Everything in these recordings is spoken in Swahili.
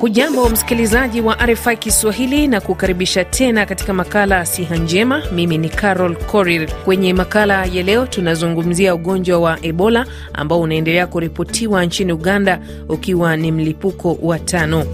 Hujambo msikilizaji wa RFI Kiswahili na kukaribisha tena katika makala siha njema. Mimi ni Carol Korir. Kwenye makala ya leo, tunazungumzia ugonjwa wa Ebola ambao unaendelea kuripotiwa nchini Uganda ukiwa ni mlipuko wa tano.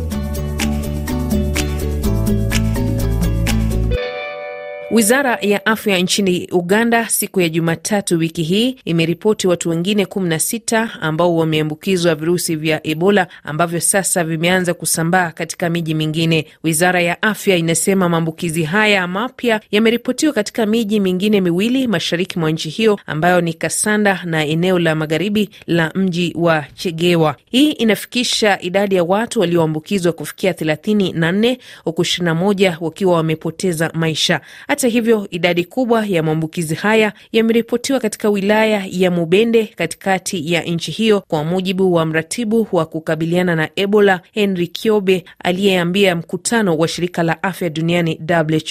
Wizara ya afya nchini Uganda siku ya Jumatatu wiki hii imeripoti watu wengine 16 ambao wameambukizwa virusi vya Ebola ambavyo sasa vimeanza kusambaa katika miji mingine. Wizara ya afya inasema maambukizi haya mapya yameripotiwa katika miji mingine miwili mashariki mwa nchi hiyo ambayo ni Kasanda na eneo la magharibi la mji wa Chegewa. Hii inafikisha idadi ya watu walioambukizwa kufikia 34 huku 21 wakiwa wamepoteza maisha. Hata hata hivyo, idadi kubwa ya maambukizi haya yameripotiwa katika wilaya ya Mubende katikati ya nchi hiyo, kwa mujibu wa mratibu wa kukabiliana na Ebola Henry kiobe aliyeambia mkutano wa shirika la afya duniani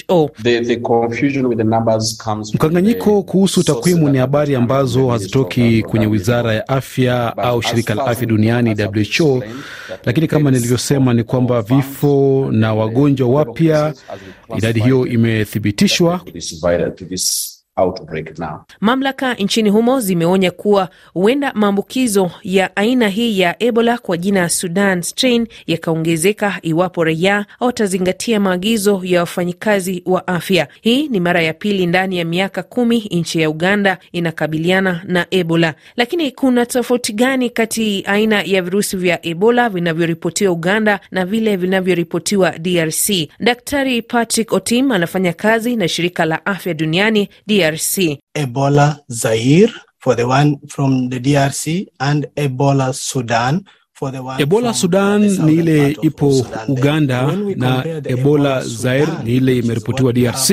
WHO. Mkanganyiko kuhusu takwimu ni habari ambazo hazitoki kwenye wizara ya afya au shirika la afya duniani WHO, lakini kama nilivyosema ni kwamba vifo na wagonjwa wapya, idadi hiyo imethibitishwa Sure. It is to this outbreak now. Mamlaka nchini humo zimeonya kuwa huenda maambukizo ya aina hii ya Ebola kwa jina ya Sudan strain yakaongezeka iwapo raia hawatazingatia maagizo ya wafanyikazi wa afya. Hii ni mara ya pili ndani ya miaka kumi nchi ya Uganda inakabiliana na Ebola. Lakini kuna tofauti gani kati aina ya virusi vya Ebola vinavyoripotiwa Uganda na vile vinavyoripotiwa DRC? Daktari Patrick Otim anafanya kazi na shirika la afya duniani DRC. DRC. Ebola Zaire for the one from the DRC and Ebola Sudan Ebola Sudan ni ile ipo Uganda na Ebola Zaire ni ile imeripotiwa DRC.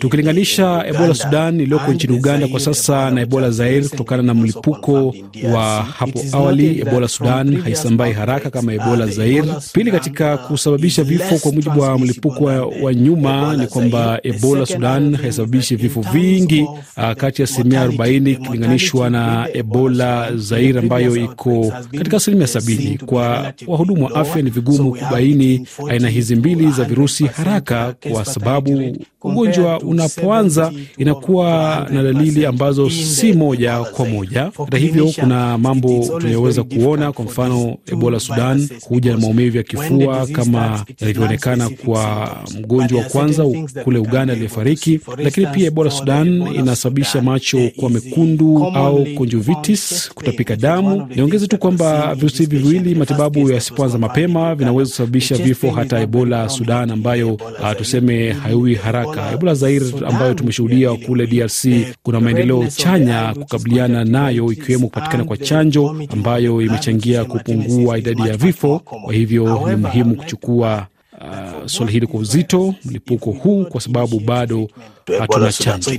Tukilinganisha Ebola Sudan iliyoko nchini Uganda kwa sasa na Ebola Zaire kutokana na mlipuko wa hapo awali, Ebola Sudan haisambai haraka kama uh, Ebola Zaire. Pili, katika uh, kusababisha vifo, kwa mujibu wa mlipuko wa, nyuma ni kwamba Ebola Sudan haisababishi vifo vingi, uh, kati ya asilimia 40 ikilinganishwa na Ebola Zaire ambayo iko katika asilimia sabini zaidi. Kwa wahudumu wa afya, ni vigumu kubaini aina hizi mbili za virusi haraka, kwa sababu Ugonjwa unapoanza inakuwa na dalili ambazo si moja kwa moja. Hata hivyo, kuna mambo tunayoweza kuona. Kwa mfano, Ebola Sudan huja na maumivu ya kifua kama yalivyoonekana kwa mgonjwa wa kwanza kule Uganda aliyefariki, lakini pia Ebola Sudan inasababisha macho kuwa mekundu au conjunctivitis, kutapika damu. Niongeze tu kwamba virusi hivi viwili, matibabu yasipoanza mapema, vinaweza kusababisha vifo, hata Ebola Sudan ambayo ah, tuseme haiui haraka haraka. Ebola Zair ambayo tumeshuhudia kule DRC, kuna maendeleo chanya kukabiliana nayo, ikiwemo kupatikana kwa chanjo ambayo imechangia kupungua idadi ya vifo. Kwa hivyo ni muhimu kuchukua Uh, suala hili kwa uzito mlipuko huu, kwa sababu bado hatuna chanjo.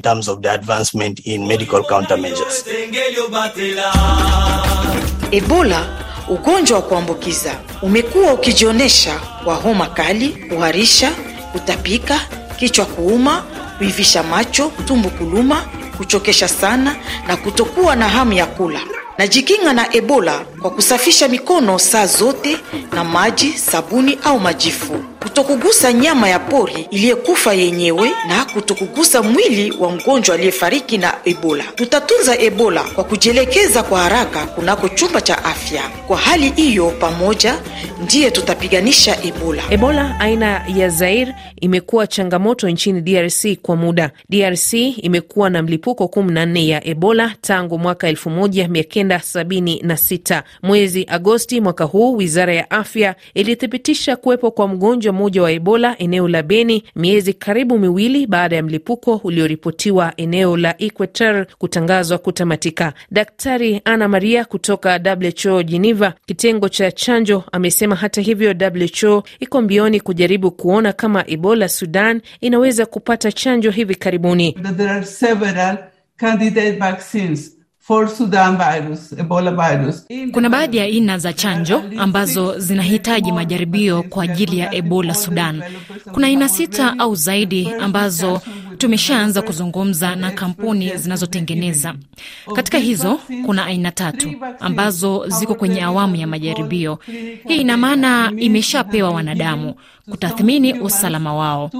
Ebola, ugonjwa wa kuambukiza, umekuwa ukijionyesha kwa homa kali, kuharisha, kutapika kichwa kuuma, kuivisha macho, tumbo kuluma, kuchokesha sana na kutokuwa na hamu ya kula. Najikinga na Ebola kwa kusafisha mikono saa zote na maji, sabuni au majifu kutokugusa nyama ya pori iliyekufa yenyewe na kutokugusa mwili wa mgonjwa aliyefariki na Ebola. Tutatunza Ebola kwa kujielekeza kwa haraka kunako chumba cha afya. Kwa hali hiyo, pamoja ndiye tutapiganisha Ebola. Ebola aina ya Zair imekuwa changamoto nchini DRC kwa muda. DRC imekuwa na mlipuko 14 ya Ebola tangu mwaka 1976. Mwezi Agosti mwaka huu, wizara ya afya ilithibitisha kuwepo kwa mgonjwa ugonjwa mmoja wa Ebola eneo la Beni, miezi karibu miwili baada ya mlipuko ulioripotiwa eneo la Equateur kutangazwa kutamatika. Daktari Ana Maria kutoka WHO Geneva, kitengo cha chanjo, amesema hata hivyo WHO iko mbioni kujaribu kuona kama Ebola Sudan inaweza kupata chanjo hivi karibuni. For Sudan virus, Ebola virus. Kuna baadhi ya aina za chanjo ambazo zinahitaji majaribio kwa ajili ya Ebola Sudan. Kuna aina sita au zaidi ambazo tumeshaanza kuzungumza na kampuni zinazotengeneza. Katika hizo kuna aina tatu ambazo ziko kwenye awamu ya majaribio. Hii ina maana imeshapewa wanadamu kutathmini usalama wao.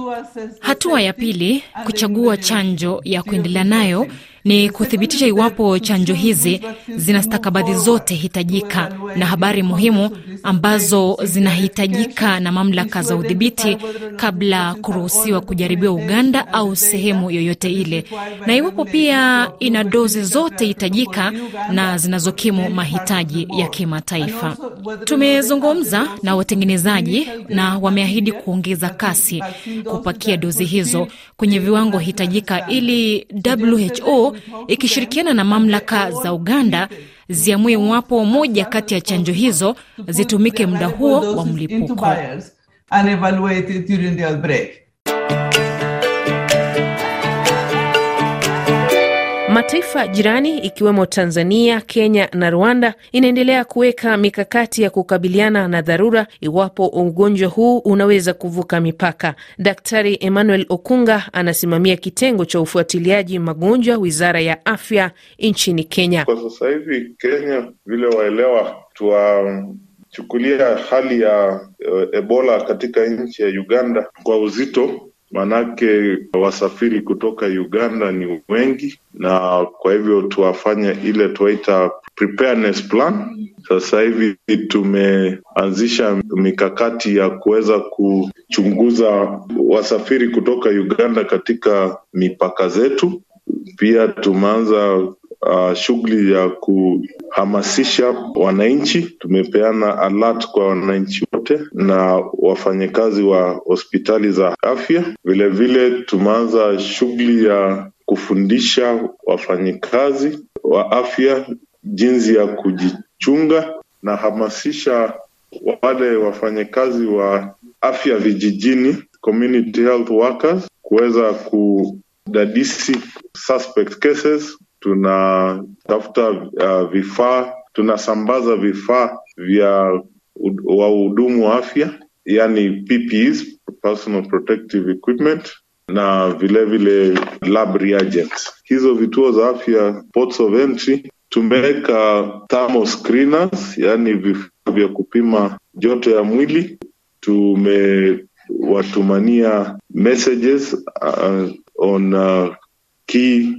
Hatua ya pili, kuchagua chanjo ya kuendelea nayo ni kuthibitisha iwapo chanjo hizi zina stakabadhi zote hitajika na habari muhimu ambazo zinahitajika na mamlaka za udhibiti kabla kuruhusiwa kujaribiwa Uganda au sehemu yoyote ile, na iwapo pia ina dozi zote hitajika na zinazokimu mahitaji ya kimataifa. Tumezungumza na watengenezaji na wameahidi kuongeza kasi kupakia dozi hizo kwenye viwango hitajika ili WHO ikishirikiana na mamlaka za Uganda ziamue iwapo moja kati ya chanjo hizo zitumike muda huo wa mlipuko. Mataifa jirani ikiwemo Tanzania, Kenya na Rwanda inaendelea kuweka mikakati ya kukabiliana na dharura iwapo ugonjwa huu unaweza kuvuka mipaka. Daktari Emmanuel Okunga anasimamia kitengo cha ufuatiliaji magonjwa, wizara ya afya nchini Kenya. Kwa sasa hivi Kenya vile waelewa twa chukulia hali ya eh, Ebola katika nchi ya Uganda kwa uzito Manake wasafiri kutoka Uganda ni wengi, na kwa hivyo tuwafanye ile tuwaita preparedness plan. Sasa hivi tumeanzisha mikakati ya kuweza kuchunguza wasafiri kutoka Uganda katika mipaka zetu. Pia tumeanza uh, shughuli ya kuhamasisha wananchi. Tumepeana alert kwa wananchi wote na wafanyakazi wa hospitali za afya. Vilevile tumeanza shughuli ya kufundisha wafanyikazi wa afya jinsi ya kujichunga na hamasisha wale wafanyakazi wa afya vijijini, community health workers, kuweza kudadisi suspect cases tunatafuta uh, vifaa, tunasambaza vifaa vya wahudumu wa afya, yani PPEs, personal protective equipment na vilevile vile lab reagents. Hizo vituo za afya ports of entry tumeweka thermal screeners, yani vifaa vya kupima joto ya mwili. Tumewatumania messages uh, on uh, key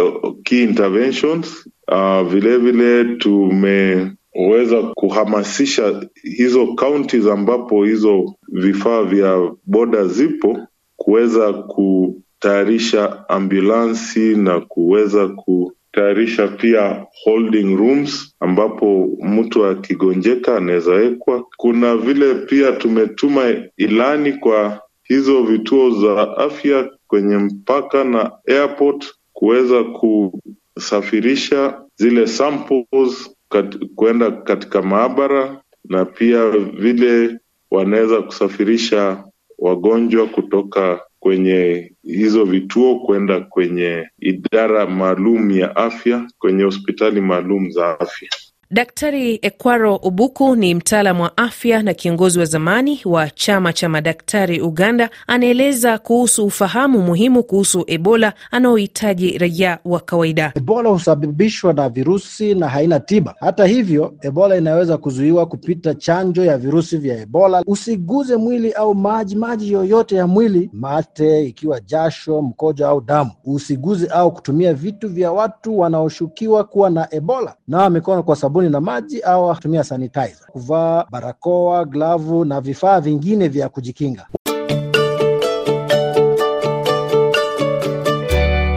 Uh, key interventions uh, vilevile tumeweza kuhamasisha hizo counties ambapo hizo vifaa vya boda zipo kuweza kutayarisha ambulansi na kuweza kutayarisha pia holding rooms ambapo mtu akigonjeka anaweza wekwa. Kuna vile pia tumetuma ilani kwa hizo vituo za afya kwenye mpaka na airport kuweza kusafirisha zile samples kat, kuenda katika maabara na pia vile wanaweza kusafirisha wagonjwa kutoka kwenye hizo vituo kwenda kwenye idara maalum ya afya kwenye hospitali maalum za afya. Daktari Ekwaro Ubuku ni mtaalam wa afya na kiongozi wa zamani wa chama cha madaktari Uganda. Anaeleza kuhusu ufahamu muhimu kuhusu Ebola anaohitaji raia wa kawaida. Ebola husababishwa na virusi na haina tiba. Hata hivyo, Ebola inaweza kuzuiwa kupita chanjo ya virusi vya Ebola. Usiguze mwili au maji maji yoyote ya mwili, mate ikiwa jasho, mkojo au damu. Usiguze au kutumia vitu vya watu wanaoshukiwa kuwa na Ebola. Nawa mikono kwa sabuni sabuni na maji au kutumia sanitizer, kuvaa barakoa, glavu na vifaa vingine vya kujikinga.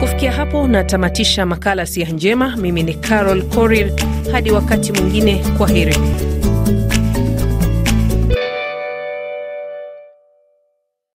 Kufikia hapo natamatisha makala Siha Njema. Mimi ni Carol Korir, hadi wakati mwingine, kwa heri.